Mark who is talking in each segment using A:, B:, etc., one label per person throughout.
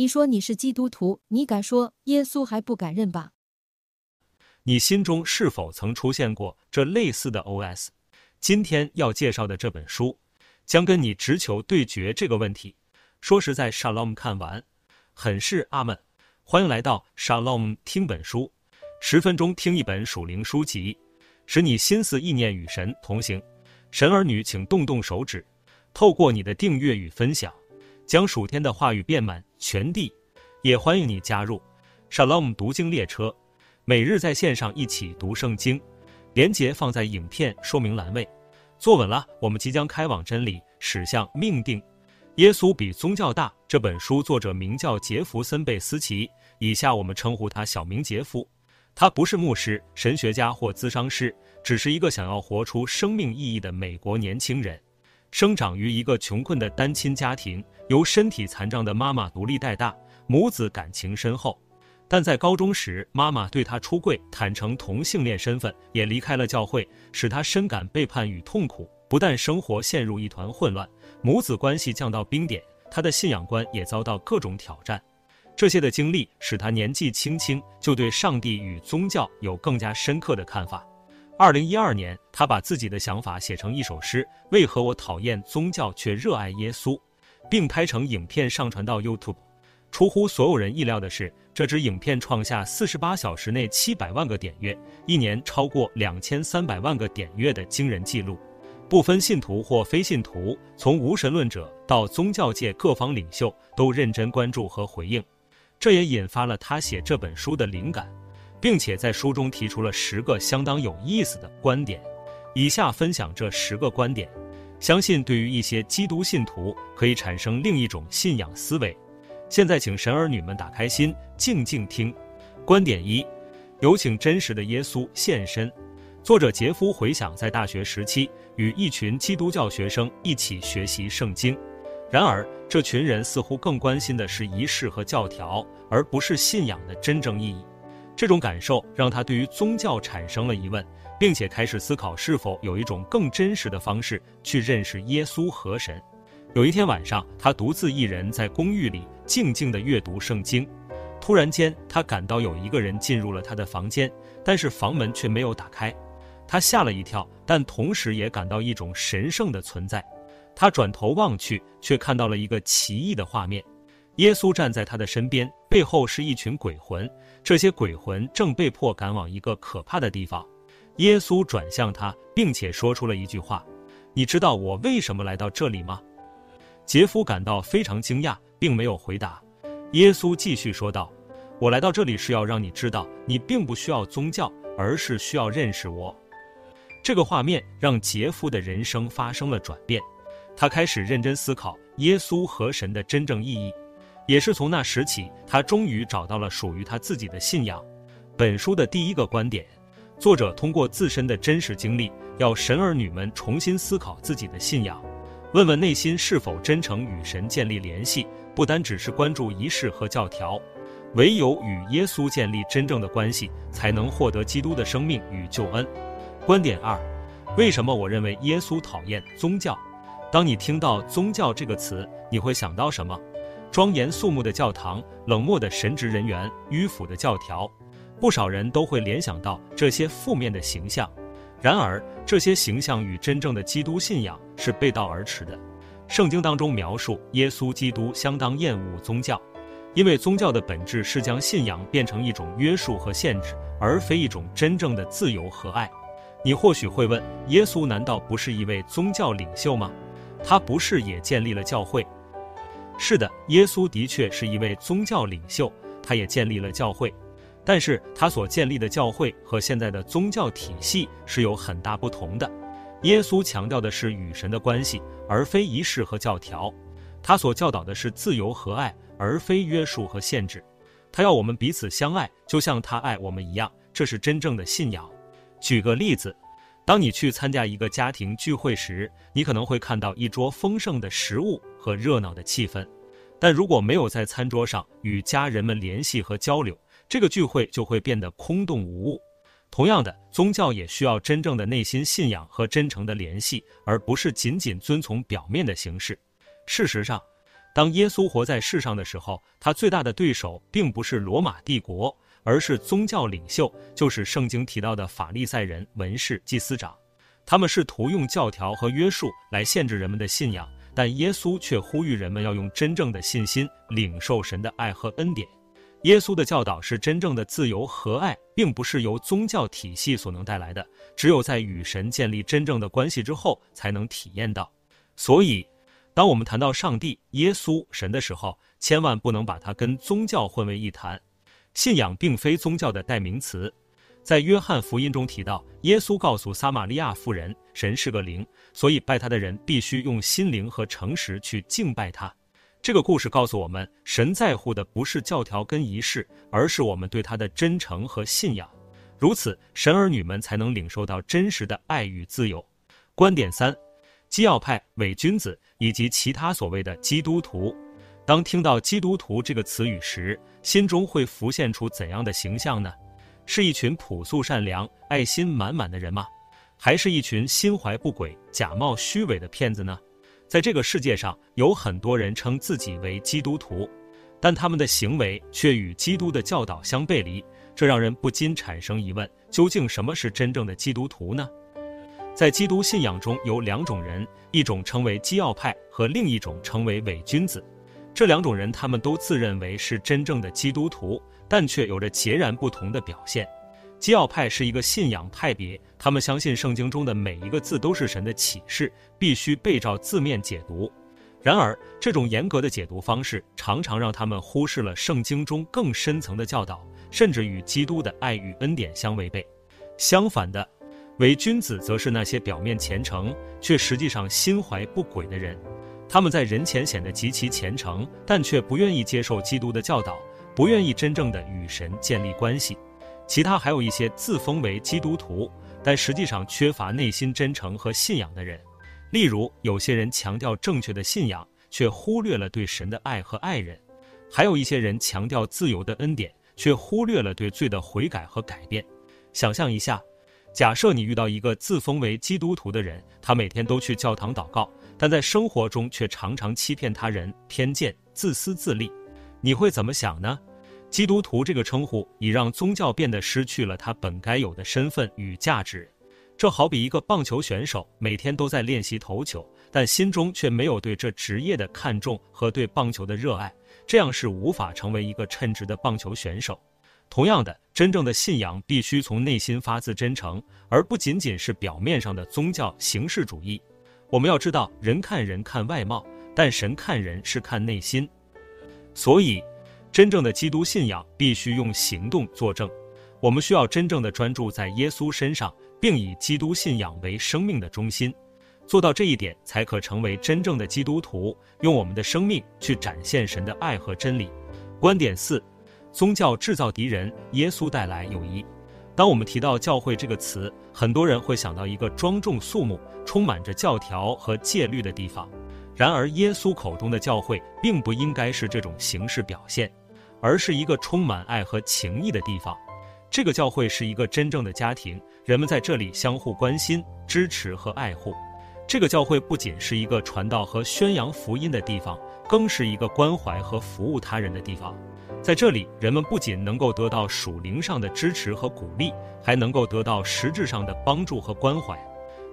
A: 你說你是基督徒，你敢說耶穌還不敢認吧？你心中是否曾出現過這類似的 OS？今天要介紹的這本書，將跟你直球對決這個問題。說實在，SHALOM 看完，很是阿門。歡迎來到 SHALOM 聽本書，十分鐘聽一本屬靈書籍，使你心思意念與神同行。神兒女，請動動手指，透過你的訂閱與分享，將屬天的話語變滿全地，也歡迎你加入 SHALOM 讀經列車，每日在線上一起讀聖經。連結放在影片說明欄位。坐穩了，我們即將開往真理，駛向命定。耶穌比宗教大。這本書作者名叫杰弗森貝斯齊，以下我們稱呼他小名杰夫。他不是牧師、神學家或諮商師，只是一個想要活出生命意義的美國年輕人，生長於一個窮困的單親家庭。由身體殘障的媽媽獨力帶大，母子感情深厚。但在高中時，媽媽對他出櫃、坦誠同性戀身份，也離開了教會，使他深感背叛與痛苦。不但生活陷入一團混亂，母子關係降到冰點，他的信仰觀也遭到各種挑戰。這些的經歷使他年紀輕輕就對上帝與宗教有更加深刻的看法。二零一二年，他把自己的想法寫成一首詩：為何我討厭宗教卻熱愛耶穌？並拍成影片上傳到 YouTube。出乎所有人意料的是，這支影片創下四十八小時內七百萬個點閱，一年超過兩千三百萬個點閱的驚人紀錄。不分信徒或非信徒，從無神論者到宗教界各方領袖都認真關注和回應。這也引發了他寫這本書的靈感，並且在書中提出了十個相當有意思的觀點。以下分享這十個觀點。相信對於一些基督信徒可以產生另一種信仰思維。現在，請神兒女們打開心，靜靜聽。觀點一：有請真實的耶穌現身。作者杰夫回想在大學時期與一群基督教學生一起學習聖經，然而這群人似乎更關心的是儀式和教條，而不是信仰的真正意義。這種感受讓他對於宗教產生了疑問。並且開始思考是否有一種更真實的方式去認識耶穌和神。有一天晚上，他獨自一人在公寓裡靜靜地閱讀聖經。突然間，他感到有一個人進入了他的房間，但是房門卻沒有打開。他嚇了一跳，但同時也感到一種神聖的存在。他轉頭望去，卻看到了一個奇異的畫面。耶穌站在他的身邊，背後是一群鬼魂，這些鬼魂正被迫趕往一個可怕的地方。耶穌轉向他，並且說出了一句話：“你知道我為什麼來到這裡嗎？”杰夫感到非常驚訝，並沒有回答。耶穌繼續說道：“我來到這裡是要讓你知道，你並不需要宗教，而是需要認識我。”這個畫面讓杰夫的人生發生了轉變，他開始認真思考耶穌和神的真正意義，也是從那時起，他終於找到了屬於他自己的信仰。本書的第一個觀點。作者通過自身的真實經歷，要神兒女們重新思考自己的信仰，問問內心是否真誠與神建立聯繫，不單只是關注儀式和教條，唯有與耶穌建立真正的關係，才能獲得基督的生命與救恩。觀點二：為什麼我認為耶穌討厭宗教？當你聽到“宗教”這個詞，你會想到什麼？莊嚴肅穆的教堂，冷漠的神職人員，迂腐的教條。不少人都會聯想到這些負面的形象，然而這些形象與真正的基督信仰是背道而馳的。聖經當中描述耶穌基督相當厭惡宗教，因為宗教的本質是將信仰變成一種約束和限制，而非一種真正的自由和愛。你或許會問：耶穌難道不是一位宗教領袖？嗎？他不是也建立了教會？是的，耶穌的確是一位宗教領袖，他也建立了教會。但是他所建立的教會和現在的宗教體系是有很大不同的。耶穌強調的是與神的關係，而非儀式和教條；他所教導的是自由和愛，而非約束和限制。他要我們彼此相愛，就像他愛我們一樣，這是真正的信仰。舉個例子，當你去參加一個家庭聚會時，你可能會看到一桌豐盛的食物和熱鬧的氣氛，但如果沒有在餐桌上與家人們聯繫和交流，這個聚會就會變得空洞無物。同樣的，宗教也需要真正的內心信仰和真誠的聯繫，而不是僅僅遵從表面的形式。事實上，當耶穌活在世上的時候，他最大的對手並不是羅馬帝國，而是宗教領袖，就是聖經提到的法利賽人、文士、祭司長。他們試圖用教條和約束來限制人們的信仰，但耶穌卻呼籲人們要用真正的信心領受神的愛和恩典。耶穌的教導是真正的自由和愛，並不是由宗教體系所能帶來的。只有在與神建立真正的關係之後，才能體驗到。所以，當我們談到上帝、耶穌、神的時候，千萬不能把它跟宗教混為一談。信仰並非宗教的代名詞。在約翰福音中提到，耶穌告訴撒瑪利亞婦人，神是個靈，所以拜他的人必須用心靈和誠實去敬拜他。這個故事告訴我們，神在乎的不是教條跟儀式，而是我們對他的真誠和信仰。如此，神兒女們才能領受到真實的愛與自由。觀點三：基要派、偽君子以及其他所謂的基督徒，當聽到“基督徒”這個詞語時，心中會浮現出怎樣的形象呢？是一群樸素、善良、愛心滿滿的人嗎？還是一群心懷不軌、假冒虛偽的騙子呢？在這個世界上，有很多人稱自己為基督徒，但他們的行為卻與基督的教導相背離，這讓人不禁產生疑問：究竟什麼是真正的基督徒呢？在基督信仰中有兩種人，一種稱為基要派，和另一種稱為偽君子。這兩種人他們都自認為是真正的基督徒，但卻有着截然不同的表現。基要派是一個信仰派別，他們相信聖經中的每一個字都是神的啟示，必須被照字面解讀。然而，這種嚴格的解讀方式常常讓他們忽視了聖經中更深層的教導，甚至與基督的愛與恩典相違背。相反的，偽君子則是那些表面虔誠卻實際上心懷不軌的人。他們在人前顯得極其虔誠，但卻不願意接受基督的教導，不願意真正的與神建立關係。其他還有一些自封為基督徒，但實際上缺乏內心真誠和信仰的人。例如，有些人強調正確的信仰，卻忽略了對神的愛和愛人；還有一些人強調自由的恩典，卻忽略了對罪的悔改和改變。想象一下，假設你遇到一個自封為基督徒的人，他每天都去教堂禱告，但在生活中卻常常欺騙他人、偏見、自私自利，你會怎麼想呢？基督徒這個稱呼已讓宗教變得失去了它本該有的身份與價值，這好比一個棒球選手每天都在練習投球，但心中卻沒有對這職業的看重和對棒球的熱愛，這樣是無法成為一個稱職的棒球選手。同樣的，真正的信仰必須從內心發自真誠，而不僅僅是表面上的宗教形式主義。我們要知道，人看人看外貌，但神看人是看內心。所以，真正的基督信仰必須用行動作證，我們需要真正的專注在耶穌身上，並以基督信仰為生命的中心。做到這一點，才可成為真正的基督徒，用我們的生命去展現神的愛和真理。觀點四：宗教制造敵人，耶穌帶來友誼。當我們提到教會這個詞，很多人會想到一個莊重肅穆、充滿着教條和戒律的地方。然而，耶穌口中的教會，並不應該是這種形式表現。而是一個充滿愛和情誼的地方。這個教會是一個真正的家庭，人們在這裡相互關心、支持和愛護。這個教會不僅是一個傳道和宣揚福音的地方，更是一個關懷和服務他人的地方。在這裡，人們不僅能夠得到屬靈上的支持和鼓勵，還能夠得到實質上的幫助和關懷。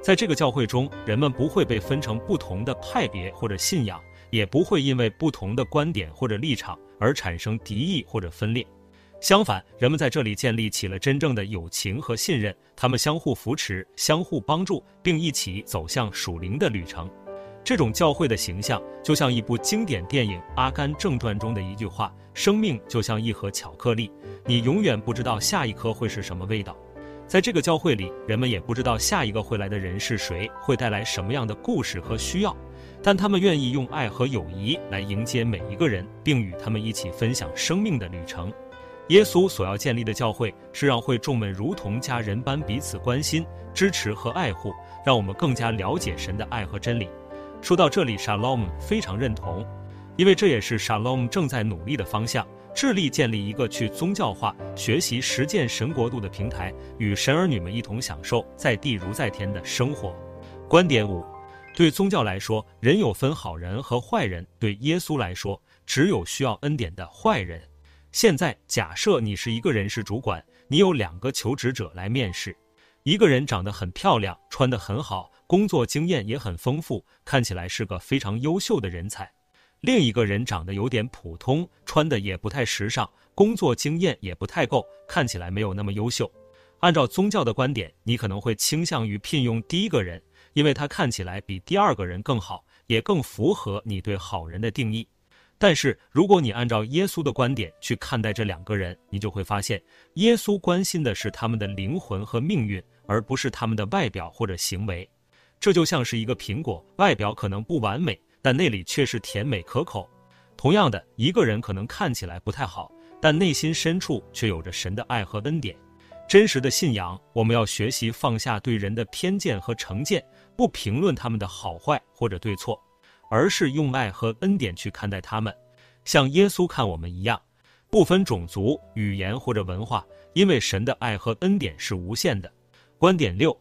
A: 在這個教會中，人們不會被分成不同的派別或者信仰，也不會因為不同的觀點或者立場，而產生敵意或者分裂，相反，人們在這裡建立起了真正的友情和信任。他們相互扶持、相互幫助，並一起走向屬靈的旅程。這種教會的形象，就像一部經典電影《阿甘正傳》中的一句話：“生命就像一盒巧克力，你永遠不知道下一顆會是什麼味道。”在這個教會裡，人們也不知道下一個會來的人是誰，會帶來什麼樣的故事和需要。但他們願意用愛和友誼來迎接每一個人，並與他們一起分享生命的旅程。耶穌所要建立的教會是讓會眾們如同家人般彼此關心、支持和愛護，讓我們更加了解神的愛和真理。說到這裡，SHALOM 非常認同，因為這也是 SHALOM 正在努力的方向。致力建立一個去宗教化、學習實踐神國度的平台，與神兒女們一同享受在地如在天的生活。觀點五：對宗教來說，人有分好人和壞人；對耶穌來說，只有需要恩典的壞人。現在假設你是一個人事主管，你有兩個求職者來面試，一個人長得很漂亮，穿得很好，工作經驗也很豐富，看起來是個非常優秀的人才。另一個人長得有點普通，穿的也不太時尚，工作經驗也不太夠，看起來沒有那麼優秀。按照宗教的觀點，你可能會傾向於聘用第一個人，因為他看起來比第二個人更好，也更符合你對好人的定義。但是，如果你按照耶穌的觀點去看待這兩個人，你就會發現，耶穌關心的是他們的靈魂和命運，而不是他們的外表或者行為。這就像是一個蘋果，外表可能不完美。但那裡卻是甜美可口。同樣的，一個人可能看起來不太好，但內心深處卻有着神的愛和恩典。真實的信仰，我們要學習放下對人的偏見和成見，不評論他們的好壞或者對錯，而是用愛和恩典去看待他們。像耶穌看我們一樣，不分種族、語言或者文化，因為神的愛和恩典是無限的。觀點六。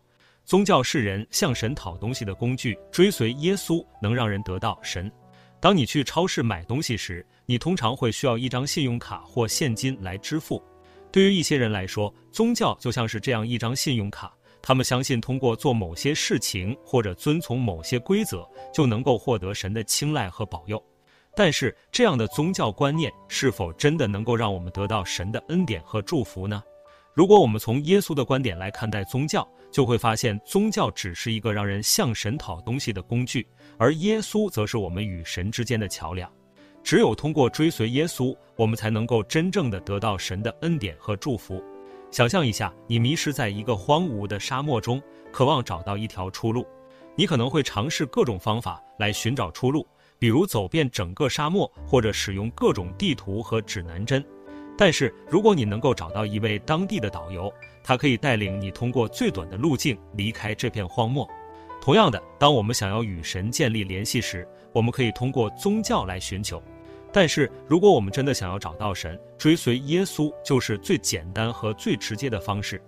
A: 宗教是人向神討東西的工具，追隨耶穌能讓人得到神。當你去超市買東西時，你通常會需要一張信用卡或現金來支付。對於一些人來說，宗教就像是這樣一張信用卡，他們相信通過做某些事情或者遵從某些規則，就能夠獲得神的青睞和保佑。但是，這樣的宗教觀念是否真的能夠讓我們得到神的恩典和祝福呢？如果我們從耶穌的觀點來看待宗教，就會發現宗教只是一個讓人向神討東西的工具，而耶穌則是我們與神之間的橋樑。只有通過追隨耶穌，我們才能夠真正的得到神的恩典和祝福。想象一下，你迷失在一個荒蕪的沙漠中，渴望找到一條出路，你可能會嘗試各種方法來尋找出路，比如走遍整個沙漠，或者使用各種地圖和指南針。但是，如果你能夠找到一位當地的導遊，他可以帶領你通過最短的路徑離開這片荒漠。同樣的，當我們想要與神建立聯繫時，我們可以通過宗教來尋求。但是，如果我們真的想要找到神，追隨耶穌就是最簡單和最直接的方式。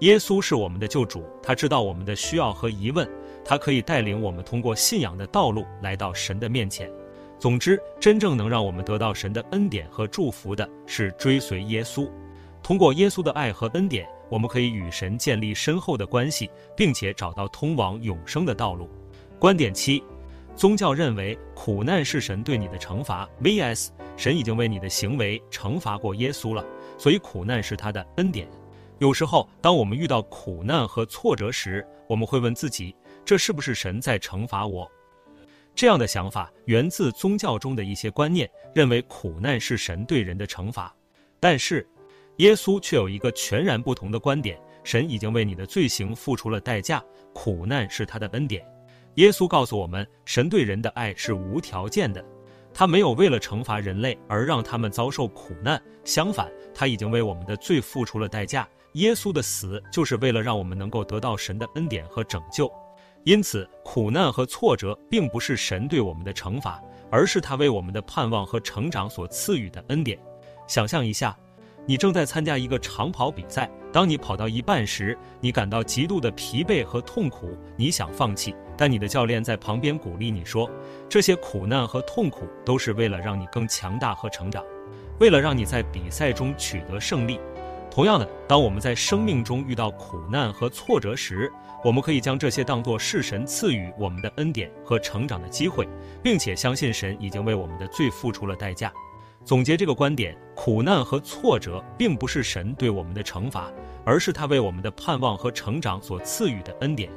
A: 耶穌是我們的救主，他知道我們的需要和疑問，他可以帶領我們通過信仰的道路來到神的面前。總之，真正能讓我們得到神的恩典和祝福的是追隨耶穌。通過耶穌的愛和恩典，我們可以與神建立深厚的關係，並且找到通往永生的道路。觀點七：宗教認為苦難是神對你的懲罰，VS 神已經為你的行為懲罰過耶穌了，所以苦難是他的恩典。有時候，當我們遇到苦難和挫折時，我們會問自己，這是不是神在懲罰我？這樣的想法源自宗教中的一些觀念，認為苦難是神對人的懲罰。但是，耶穌卻有一個全然不同的觀點：神已經為你的罪行付出了代價，苦難是他的恩典。耶穌告訴我們，神對人的愛是無條件的，他沒有為了懲罰人類而讓他們遭受苦難。相反，他已經為我們的罪付出了代價。耶穌的死就是為了讓我們能夠得到神的恩典和拯救。因此，苦難和挫折並不是神對我們的懲罰，而是他為我們的盼望和成長所賜予的恩典。想象一下，你正在參加一個長跑比賽，當你跑到一半時，你感到極度的疲憊和痛苦，你想放棄，但你的教練在旁邊鼓勵你說：“這些苦難和痛苦都是為了讓你更強大和成長，為了讓你在比賽中取得勝利。”同樣的，當我們在生命中遇到苦難和挫折時，我們可以將這些當作是神賜予我們的恩典和成長的機會，並且相信神已經為我們的罪付出了代價。總結這個觀點：苦難和挫折並不是神對我們的懲罰，而是他為我們的盼望和成長所賜予的恩典。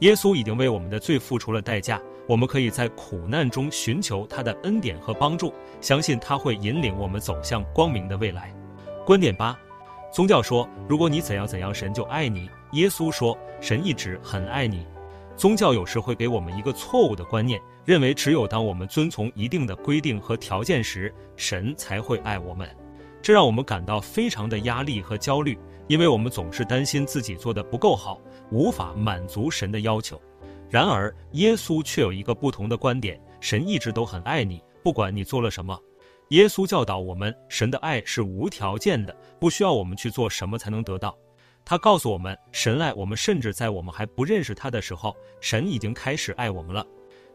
A: 耶穌已經為我們的罪付出了代價，我們可以在苦難中尋求他的恩典和幫助，相信他會引領我們走向光明的未來。觀點八。宗教說：“如果你怎樣怎樣，神就愛你。”耶穌說：“神一直很愛你。”宗教有時會給我們一個錯誤的觀念，認為只有當我們遵從一定的規定和條件時，神才會愛我們。這讓我們感到非常的壓力和焦慮，因為我們總是擔心自己做得不夠好，無法滿足神的要求。然而，耶穌卻有一個不同的觀點：神一直都很愛你，不管你做了什麼。耶穌教導我們，神的愛是無條件的，不需要我們去做什麼才能得到。他告訴我們，神愛我們，甚至在我們還不認識他的時候，神已經開始愛我們了。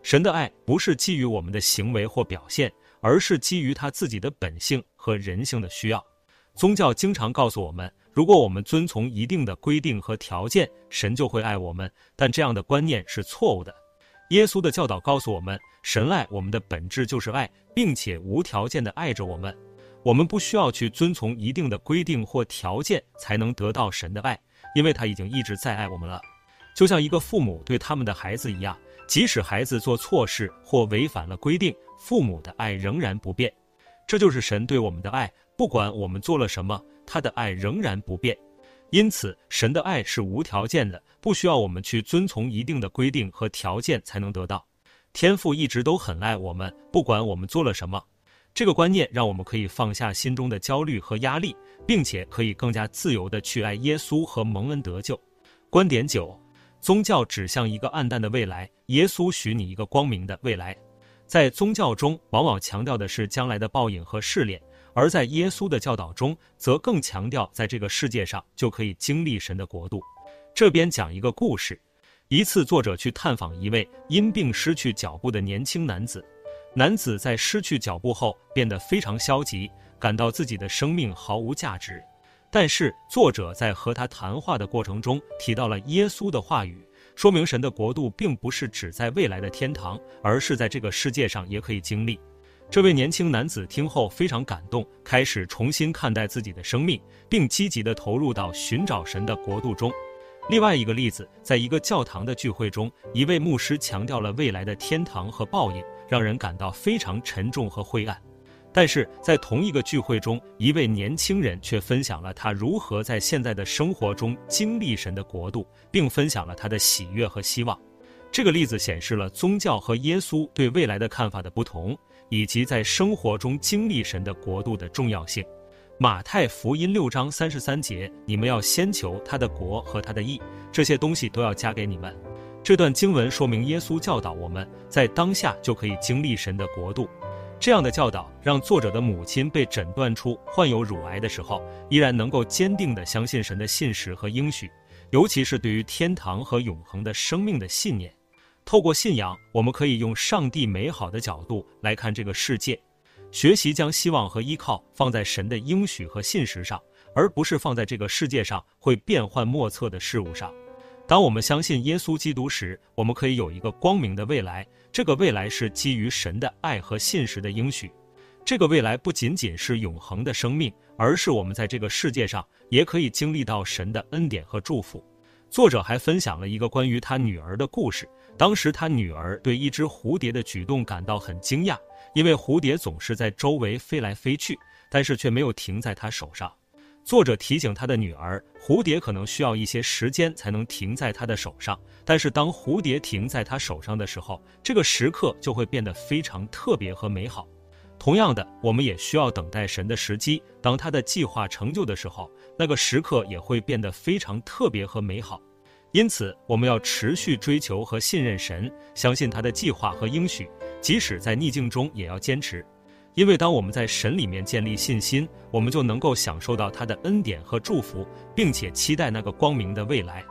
A: 神的愛不是基於我們的行為或表現，而是基於他自己的本性和人性的需要。宗教經常告訴我們，如果我們遵從一定的規定和條件，神就會愛我們，但這樣的觀念是錯誤的。耶穌的教導告訴我們，神愛我們的本質就是愛，並且無條件的愛着我們。我們不需要去遵從一定的規定或條件才能得到神的愛，因為他已經一直在愛我們了。就像一個父母對他們的孩子一樣，即使孩子做錯事或違反了規定，父母的愛仍然不變。這就是神對我們的愛，不管我們做了什麼，他的愛仍然不變。因此，神的愛是無條件的，不需要我們去遵從一定的規定和條件才能得到。天父一直都很愛我們，不管我們做了什麼。這個觀念讓我們可以放下心中的焦慮和壓力，並且可以更加自由地去愛耶穌和蒙恩得救。觀點九：宗教指向一個暗淡的未來，耶穌許你一個光明的未來。在宗教中，往往強調的是將來的報應和試煉。而在耶穌的教導中，則更強調，在這個世界上就可以經歷神的國度。這邊講一個故事：一次，作者去探訪一位因病失去腳步的年輕男子。男子在失去腳步後變得非常消極，感到自己的生命毫無價值。但是，作者在和他談話的過程中提到了耶穌的話語，說明神的國度並不是只在未來的天堂，而是在這個世界上也可以經歷。這位年輕男子聽後非常感動，開始重新看待自己的生命，並積極地投入到尋找神的國度中。另外一個例子，在一個教堂的聚會中，一位牧師強調了未來的天堂和報應，讓人感到非常沉重和灰暗。但是在同一個聚會中，一位年輕人卻分享了他如何在現在的生活中經歷神的國度，並分享了他的喜悅和希望。這個例子顯示了宗教和耶穌對未來的看法的不同。以及在生活中經歷神的國度的重要性。馬太福音六章三十三節，你們要先求他的國和他的義，這些東西都要加給你們。這段經文說明耶穌教導我們在當下就可以經歷神的國度。這樣的教導讓作者的母親被診斷出患有乳癌的時候，依然能夠堅定地相信神的信實和應許，尤其是對於天堂和永恆的生命的信念。透過信仰，我們可以用上帝美好的角度來看這個世界。學習將希望和依靠放在神的應許和信實上，而不是放在這個世界上會變幻莫測的事物上。當我們相信耶穌基督時，我們可以有一個光明的未來。這個未來是基於神的愛和信實的應許。這個未來不僅僅是永恆的生命，而是我們在這個世界上也可以經歷到神的恩典和祝福。作者還分享了一個關於他女兒的故事。當時，他女兒對一隻蝴蝶的舉動感到很驚訝，因為蝴蝶總是在周圍飛來飛去，但是卻沒有停在她手上。作者提醒他的女兒，蝴蝶可能需要一些時間才能停在她的手上，但是當蝴蝶停在她手上的時候，這個時刻就會變得非常特別和美好。同樣的，我們也需要等待神的時機，當他的計劃成就的時候，那個時刻也會變得非常特別和美好。因此，我們要持續追求和信任神，相信他的計劃和應許，即使在逆境中也要堅持。因為當我們在神裡面建立信心，我們就能夠享受到他的恩典和祝福，並且期待那個光明的未來。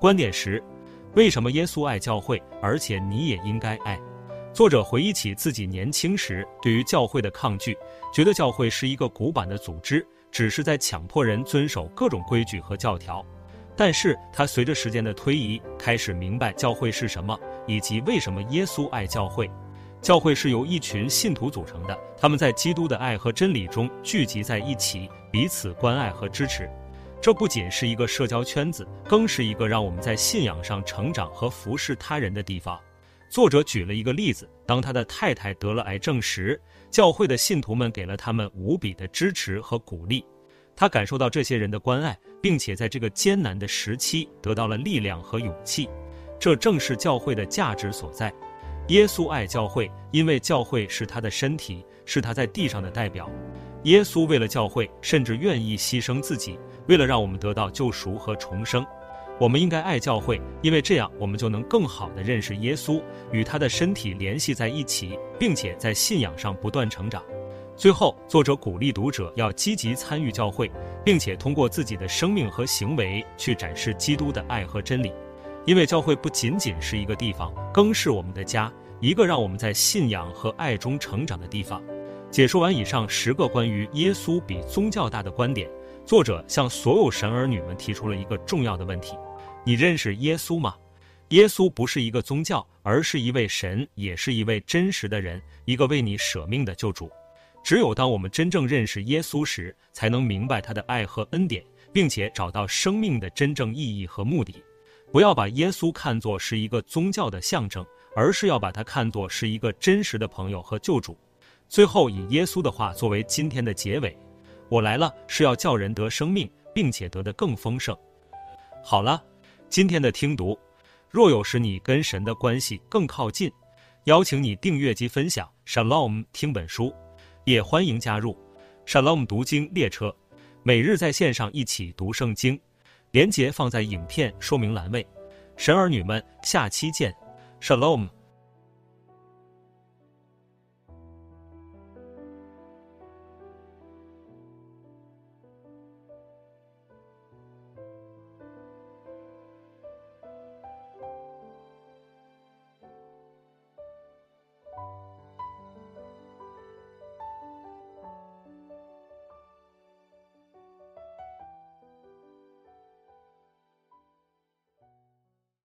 A: 觀點十，為什麼耶穌愛教會，而且你也應該愛？作者回憶起自己年輕時對於教會的抗拒，覺得教會是一個古板的組織，只是在強迫人遵守各種規矩和教條。但是他隨着時間的推移，開始明白教會是什麼，以及為什麼耶穌愛教會。教會是由一群信徒組成的，他們在基督的愛和真理中聚集在一起，彼此關愛和支持。這不僅是一個社交圈子，更是一個讓我們在信仰上成長和服侍他人的地方。作者舉了一個例子，當他的太太得了癌症時，教會的信徒們給了他們無比的支持和鼓勵。他感受到這些人的關愛，並且在這個艱難的時期得到了力量和勇氣。這正是教會的價值所在。耶穌愛教會，因為教會是他的身體，是他在地上的代表。耶穌為了教會，甚至願意犧牲自己，為了讓我們得到救贖和重生。我們應該愛教會，因為這樣我們就能更好地認識耶穌，與他的身體聯繫在一起，並且在信仰上不斷成長。最後，作者鼓勵讀者要積極參與教會，並且通過自己的生命和行為去展示基督的愛和真理。因為教會不僅僅是一個地方，更是我們的家，一個讓我們在信仰和愛中成長的地方。解說完以上十個關於耶穌比宗教大的觀點，作者向所有神兒女們提出了一個重要的問題：你認識耶穌嗎？耶穌不是一個宗教，而是一位神，也是一位真實的人，一個為你舍命的救主。只有當我們真正認識耶穌時，才能明白他的愛和恩典，並且找到生命的真正意義和目的。不要把耶穌看作是一個宗教的象徵，而是要把它看作是一個真實的朋友和救主。最後，以耶穌的話作為今天的結尾：“我來了，是要叫人得生命，並且得得得更豐盛。”好了，今天的聽讀，若有使你跟神的關係更靠近，邀請你訂閱及分享《Shalom》聽本書。也歡迎加入 Shalom 讀經列車，每日在線上一起讀聖經。連結放在影片說明欄位。神兒女們，下期見，Shalom。Sh